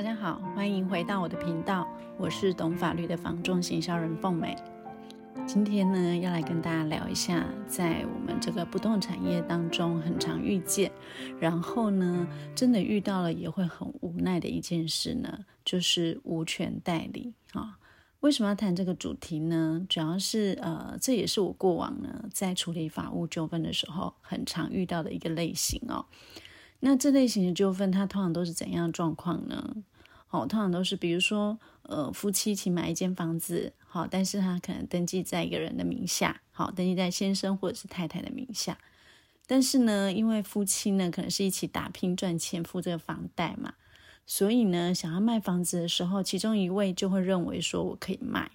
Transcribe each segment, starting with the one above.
大家好，歡迎回到我的頻道，我是懂法律的房仲行銷人鳳美。今天呢，要來跟大家聊一下，在我們這個不動產業當中很常遇見，然後呢，真的遇到了也會很無奈的一件事呢，就是無權代理啊、哦。為什麼要談這個主題呢？主要是呃，這也是我過往呢在處理法務糾紛的時候很常遇到的一個類型哦。那這類型的糾紛，它通常都是怎樣的狀況呢？好，通常都是比如說，呃，夫妻一起買一間房子，好，但是他可能登記在一個人的名下，好，登記在先生或者是太太的名下。但是呢，因為夫妻呢，可能是一起打拼賺錢，付這個房貸嘛，所以呢，想要賣房子的時候，其中一位就會認為說我可以賣，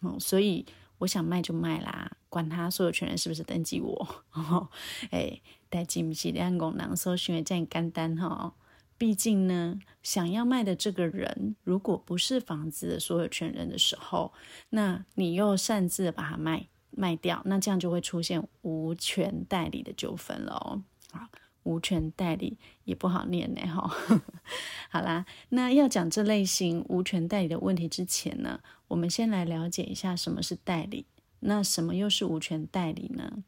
好，哦，所以。我想賣就賣啦，管他所有權人是不是登記我。 哎，代誌不是人的這樣講，能搜尋這樣簡單哈。畢竟呢，想要賣的這個人如果不是房子的所有權人的時候，那你又擅自把它賣賣掉，那這樣就會出現無權代理的糾紛了。好。無權代理也不好念呢，好啦，那要講這類型無權代理的問題之前呢，我們先來了解一下什麼是代理，那什麼又是無權代理呢？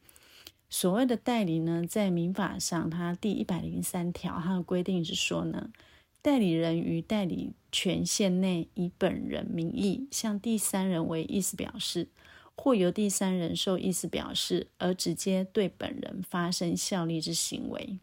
所謂的代理呢，在民法上，它第一百零三條它的規定是說呢，代理人於代理權限內以本人名義向第三人為意思表示，或由第三人受意思表示而直接對本人發生效力之行為。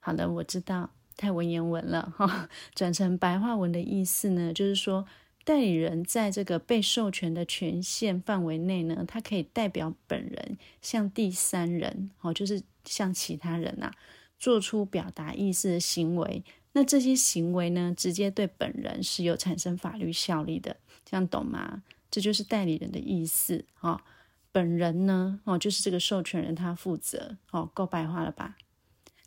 好的，我知道太文言文了哈、哦，轉成白話文的意思呢，就是說代理人在這個被授權的權限範圍內呢，他可以代表本人向第三人，哦，就是向其他人呐、啊，做出表達意思的行為。那這些行為呢，直接對本人是有產生法律效力的，這樣懂嗎？這就是代理人的意思啊、哦，本人呢，哦，就是這個授權人他負責，哦，夠白話了吧？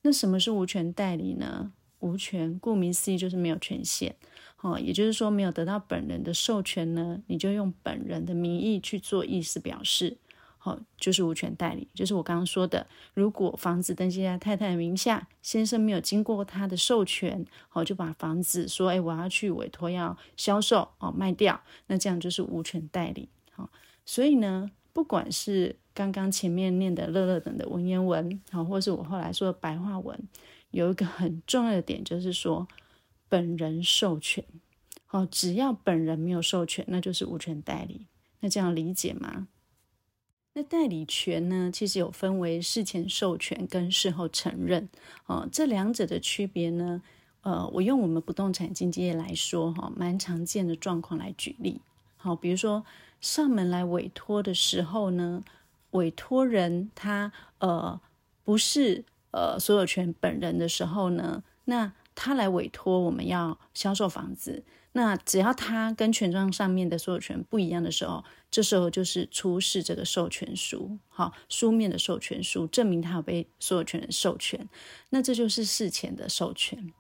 那什麼是無權代理呢？無權，顧名思義就是沒有權限，哦，也就是說沒有得到本人的授權呢，你就用本人的名義去做意思表示，哦，就是無權代理，就是我剛剛說的，如果房子登記在太太名下，先生沒有經過他的授權，哦，就把房子說，哎，我要去委託要銷售，哦，賣掉，那這樣就是無權代理，哦，所以呢，不管是剛剛前面念的樂樂等的文言文，好，或是我後來說的白話文，有一個很重要的點，就是說本人授權，好，只要本人沒有授權，那就是無權代理，那這樣理解嗎？那代理權呢，其實有分為事前授權跟事後承認，哦，這兩者的區別呢，呃，我用我們不動產經紀業來說，哈，蠻常見的狀況來舉例，好，比如說上門來委託的時候呢。委託人他呃不是呃所有權本人的時候呢，那他來委託我們要銷售房子，那只要他跟權狀上面的所有權不一樣的時候，這時候就是出示這個授權書，好，書面的授權書證明他有被所有權人授權，那這就是事前的授權。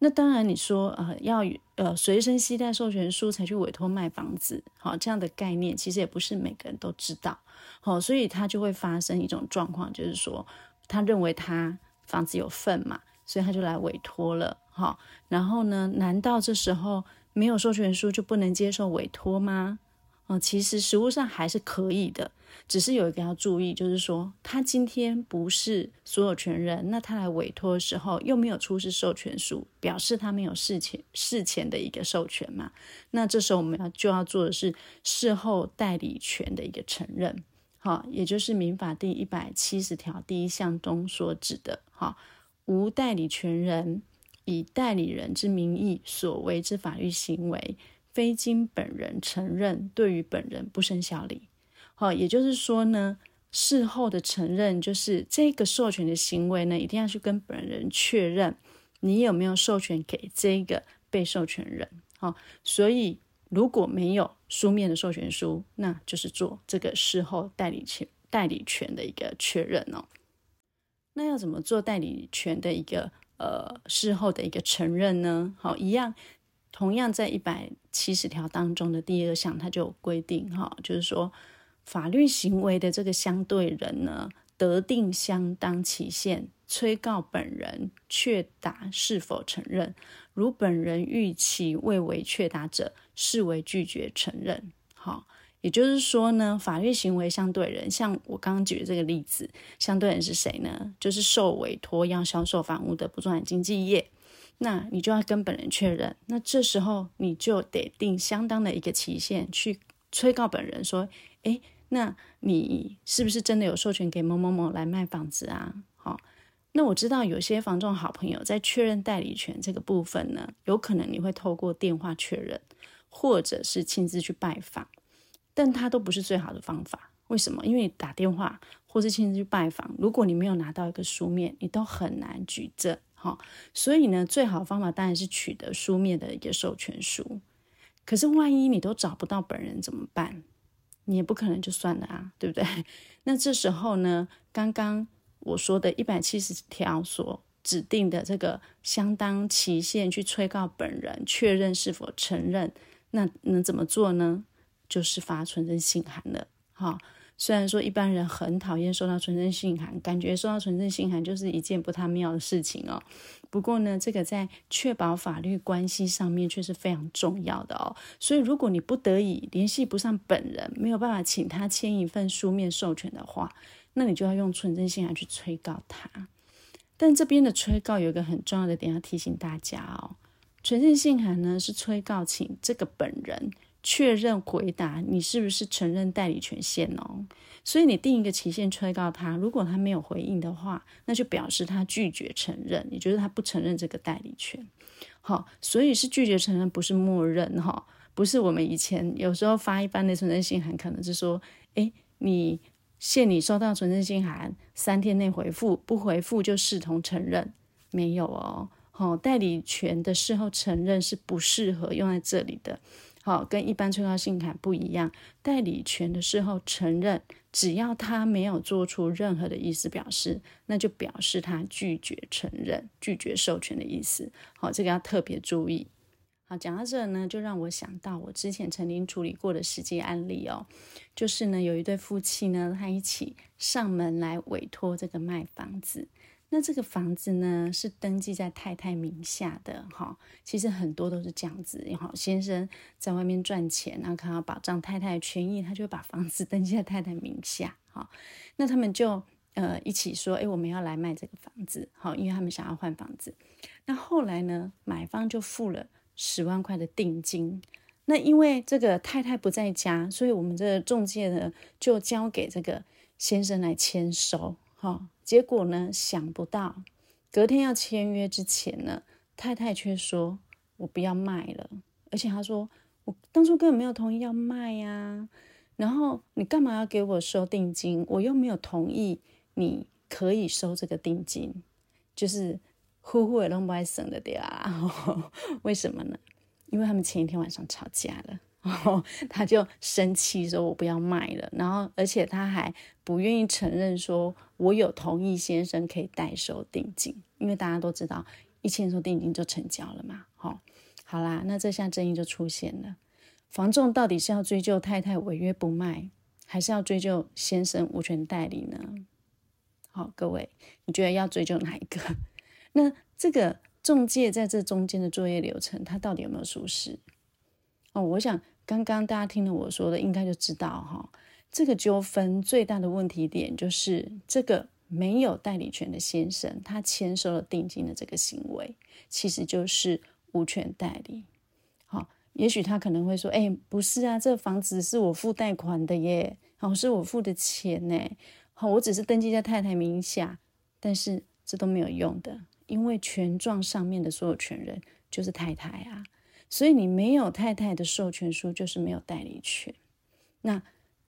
那當然，你說呃要呃隨身攜帶授權書才去委托賣房子，好、哦、這樣的概念其實也不是每個人都知道，好、哦，所以他就會發生一種狀況，就是說他認為他房子有份嘛，所以他就來委托了，好、哦，然後呢，難道這時候沒有授權書就不能接受委托嗎？哦，其實實務上還是可以的。只是有一個要注意，就是說他今天不是所有權人，那他來委托的時候又沒有出示授權書，表示他沒有事前事前的一個授權嘛，那這時候我們要就要做的是事後代理權的一個承認，好、哦，也就是民法第一百七十條第一項中所指的，哈、哦，無代理權人以代理人之名義所為之法律行為，非經本人承認，對於本人不生效力。好，也就是說呢，事後的承認就是這個授權的行為呢，一定要去跟本人確認，你有沒有授權給這個被授權人。好，所以如果沒有書面的授權書，那就是做這個事後代理權代理權的一個確認哦。那要怎麼做代理權的一個呃事後的一個承認呢？好，一樣，同樣在一百七十條當中的第二項，它就有規定哈，就是說。法律行為的這個相對人呢，得定相當期限催告本人確答是否承認，如本人逾期未為確答者，視為拒絕承認。好，也就是說呢，法律行為相對人，像我剛剛舉的這個例子，相對人是誰呢？就是受委託要銷售房屋的不動產經紀業，那你就要跟本人確認，那這時候你就得定相當的一個期限去催告本人說，哎。那你是不是真的有授權給某某某來賣房子啊？好、哦，那我知道有些房仲好朋友在確認代理權這個部分呢，有可能你會透過電話確認，或者是親自去拜訪，但他都不是最好的方法。為什麼？因為你打電話或是親自去拜訪，如果你沒有拿到一個書面，你都很難舉證哈、哦。所以呢，最好的方法當然是取得書面的一個授權書。可是萬一你都找不到本人怎麼辦？你也不可能就算了啊，對不對？那這時候呢，剛剛我說的170條所指定的這個相當期限，去催告本人確認是否承認，那能怎麼做呢？就是發存證信函了，哈。雖然說一般人很討厭收到存證信函，感覺收到存證信函就是一件不太妙的事情哦。不過呢，這個在確保法律關係上面卻是非常重要的哦。所以如果你不得已聯繫不上本人，沒有辦法請他簽一份書面授權的話，那你就要用存證信函去催告他。但這邊的催告有一個很重要的點要提醒大家哦，存證信函呢是催告請這個本人。確認回答，你是不是承認代理權限哦？所以你定一個期限催告他，如果他沒有回應的話，那就表示他拒絕承認，也就是他不承認這個代理權。好、哦，所以是拒絕承認，不是默認哈、哦，不是我們以前有時候發一般的存證信函，可能是說，誒你限你收到存證信函，三天內回復，不回復就視同承認。沒有哦，好、哦，代理權的事後承認是不適合用在這裡的。好，跟一般催告性卡不一樣，代理權的事後承認，只要他沒有做出任何的意思表示，那就表示他拒絕承認、拒絕授權的意思。好，這個要特別注意。好，講到這呢，就讓我想到我之前曾經處理過的實際案例哦，就是呢有一對夫妻呢，他一起上門來委托這個賣房子。那這個房子呢，是登記在太太名下的。哈，其實很多都是這樣子，然後先生在外面賺錢，然後他保障太太的權益，他就把房子登記在太太名下，哈，那他們就呃一起說，哎、欸，我們要來賣這個房子，好，因為他們想要換房子。那後來呢，買方就付了十萬塊的定金，那因為這個太太不在家，所以我們這個中介呢，就交給這個先生來簽收。好、哦，結果呢，想不到，隔天要簽約之前呢，太太卻說：“我不要賣了。”而且她說：“我當初根本沒有同意要賣啊。”然後你幹嘛要給我收定金？我又沒有同意，你可以收這個定金，就是呼呼也龍不埃森的對啊？ 為什麼呢？因為他們前一天晚上吵架了。哦，他就生氣說：“我不要賣了。”然後，而且他還不願意承認說：“我有同意先生可以代收定金。”因為大家都知道，一簽收定金就成交了嘛。好、哦，好啦，那這下爭議就出現了：房仲到底是要追究太太違約不賣，還是要追究先生無權代理呢？好、哦，各位，你覺得要追究哪一個？那這個中介在這中間的作業流程，他到底有沒有疏失？哦，我想剛剛大家聽了我說的，應該就知道齁，這個糾紛最大的問題點就是這個沒有代理權的先生，他簽收了定金的這個行為，其實就是無權代理。齁，也許他可能會說：“欸，不是啊，這房子是我付貸款的耶，齁，是我付的錢耶，齁，我只是登記在太太名下，但是這都沒有用的，因為權狀上面的所有權人就是太太啊。”所以你沒有太太的授權書，就是沒有代理權。那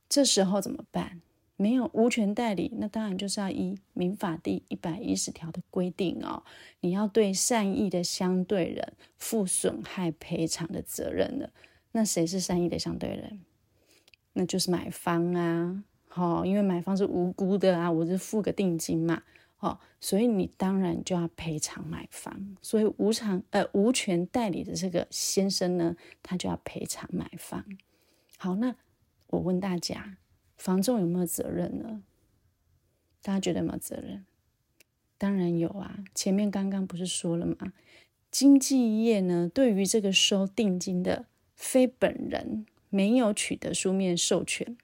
這時候怎麼辦？沒有無權代理，那當然就是要依民法第一百一十條的規定哦，你要對善意的相對人負損害賠償的責任了。那誰是善意的相對人？那就是買方啊，好，哦，因為買方是無辜的啊，我就付個定金嘛。哦，所以你當然就要賠償買方，所以無償呃無權代理的這個先生呢，他就要賠償買方。好，那我問大家，房仲有沒有責任呢？大家覺得有沒有責任？當然有啊，前面剛剛不是說了嗎？經紀業呢，對於這個收定金的非本人沒有取得書面授權，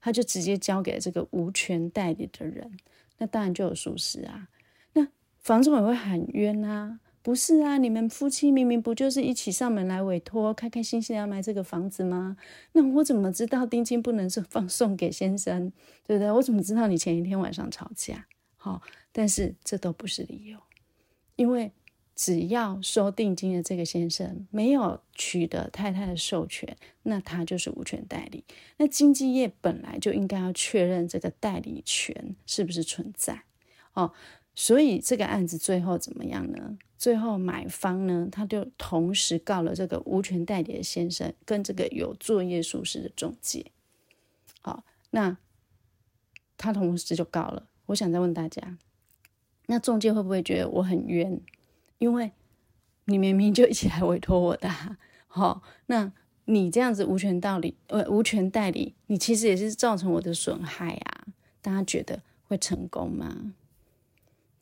他就直接交給這個無權代理的人。那當然就有疏失啊，那房仲也會喊冤啊，不是啊？你們夫妻明明不就是一起上門來委託，開開心心要買這個房子嗎？那我怎麼知道定金不能是放送給先生，對不對？我怎麼知道你前一天晚上吵架？好、哦，但是這都不是理由，因為。只要收定金的這個先生沒有取得太太的授權，那他就是無權代理。那經紀業本來就應該要確認這個代理權是不是存在哦。所以這個案子最後怎麼樣呢？最後買方呢，他就同時告了這個無權代理的先生跟這個有作業疏失的中介。好、哦，那他同時就告了。我想再問大家，那中介會不會覺得我很冤？因為你明明就一起來委托我的，啊、好、哦，那你這樣子無權道理，呃，無權代理，你其實也是造成我的損害啊。大家覺得會成功嗎？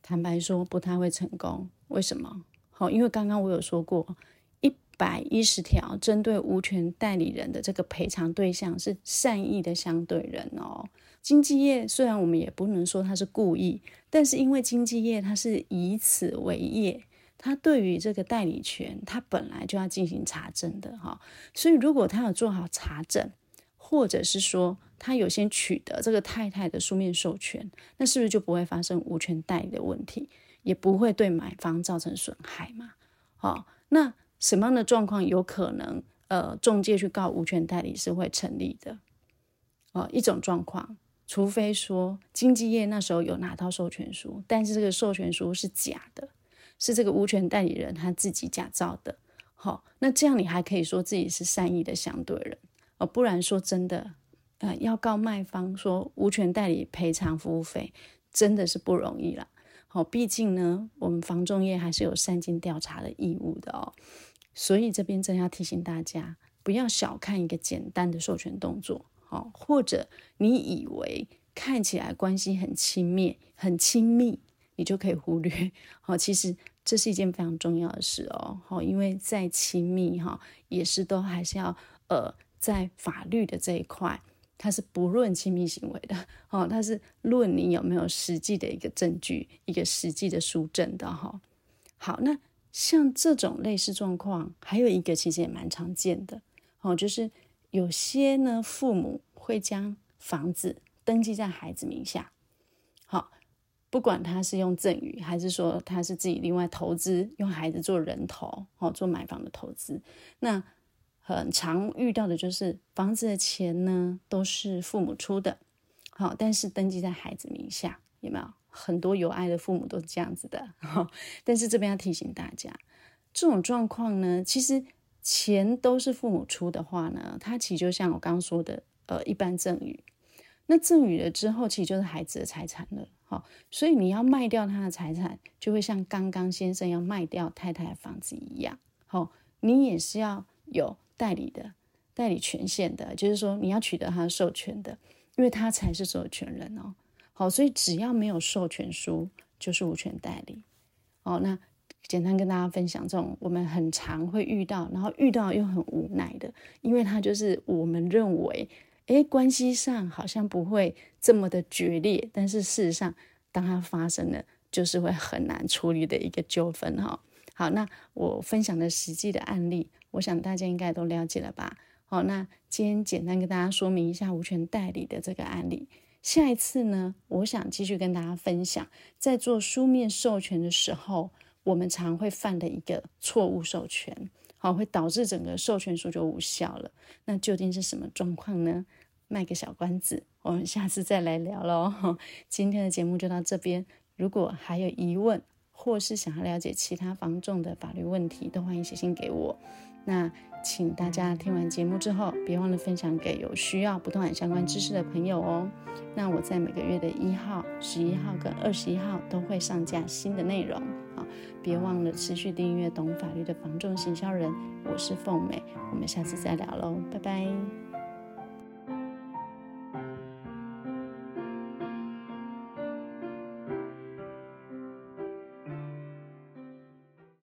坦白說，不太會成功。為什麼？好、哦，因為剛剛我有說過，一百一十條針對無權代理人的這個賠償對象是善意的相對人哦。經紀業雖然我們也不能說他是故意，但是因為經紀業它是以此為業。他對於這個代理權，他本來就要進行查證的哈、哦，所以如果他有做好查證，或者是說他有先取得這個太太的書面授權，那是不是就不會發生無權代理的問題，也不會對買方造成損害嘛？哦，那什麼樣的狀況有可能呃，仲介去告無權代理是會成立的？哦，一種狀況，除非說經紀業那時候有拿到授權書，但是這個授權書是假的。是這個無權代理人他自己假造的，好、哦，那這樣你還可以說自己是善意的相對人哦，不然說真的，啊、呃，要告賣方說無權代理賠償服務費，真的是不容易了，好、哦，畢竟呢，我們房仲業還是有善盡調查的義務的哦，所以這邊真的要提醒大家，不要小看一個簡單的授權動作，好、哦，或者你以為看起來關係很親密，很親密。你就可以忽略，好，其實這是一件非常重要的事哦，因為再親密哈，也是都還是要呃，在法律的這一塊，它是不論親密行為的哦，它是論你有沒有實際的一個證據，一個實際的書證的哈。好，那像這種類似狀況，還有一個其實也蠻常見的哦，就是有些呢，父母會將房子登記在孩子名下，好。不管他是用贈與，還是說他是自己另外投資，用孩子做人頭，好、哦、做買房的投資，那很常遇到的就是房子的錢呢都是父母出的，好、哦，但是登記在孩子名下，有沒有？很多有愛的父母都是這樣子的、哦。但是這邊要提醒大家，這種狀況呢，其實錢都是父母出的話呢，它其實就像我剛剛說的，呃，一般贈與，那贈與了之後，其實就是孩子的財產了。好、哦，所以你要賣掉他的財產，就會像剛剛先生要賣掉太太的房子一樣。好、哦，你也是要有代理的代理權限的，就是說你要取得他的授權的，因為他才是所有權人哦。好、哦，所以只要沒有授權書，就是無權代理。哦，那簡單跟大家分享這種我們很常會遇到，然後遇到又很無奈的，因為他就是我們認為。哎，關係上好像不會這麼的決裂，但是事實上，當它發生了，就是會很難處理的一個糾紛哈。好，那我分享的實際的案例，我想大家應該都了解了吧？好，那今天簡單跟大家說明一下無權代理的這個案例。下一次呢，我想繼續跟大家分享，在做書面授權的時候，我們常會犯的一個錯誤授權，好，會導致整個授權書就無效了。那究竟是什麼狀況呢？賣個小關子，我們下次再來聊嘍。今天的節目就到這邊。如果還有疑問，或是想要了解其他房仲的法律問題，都歡迎寫信給我。那請大家聽完節目之後，別忘了分享給有需要不動產相關知識的朋友哦。那我在每個月的一號、十一號跟二十一號都會上架新的內容啊，別忘了持續訂閱懂法律的房仲行銷人。我是鳳美，我們下次再聊嘍，拜拜。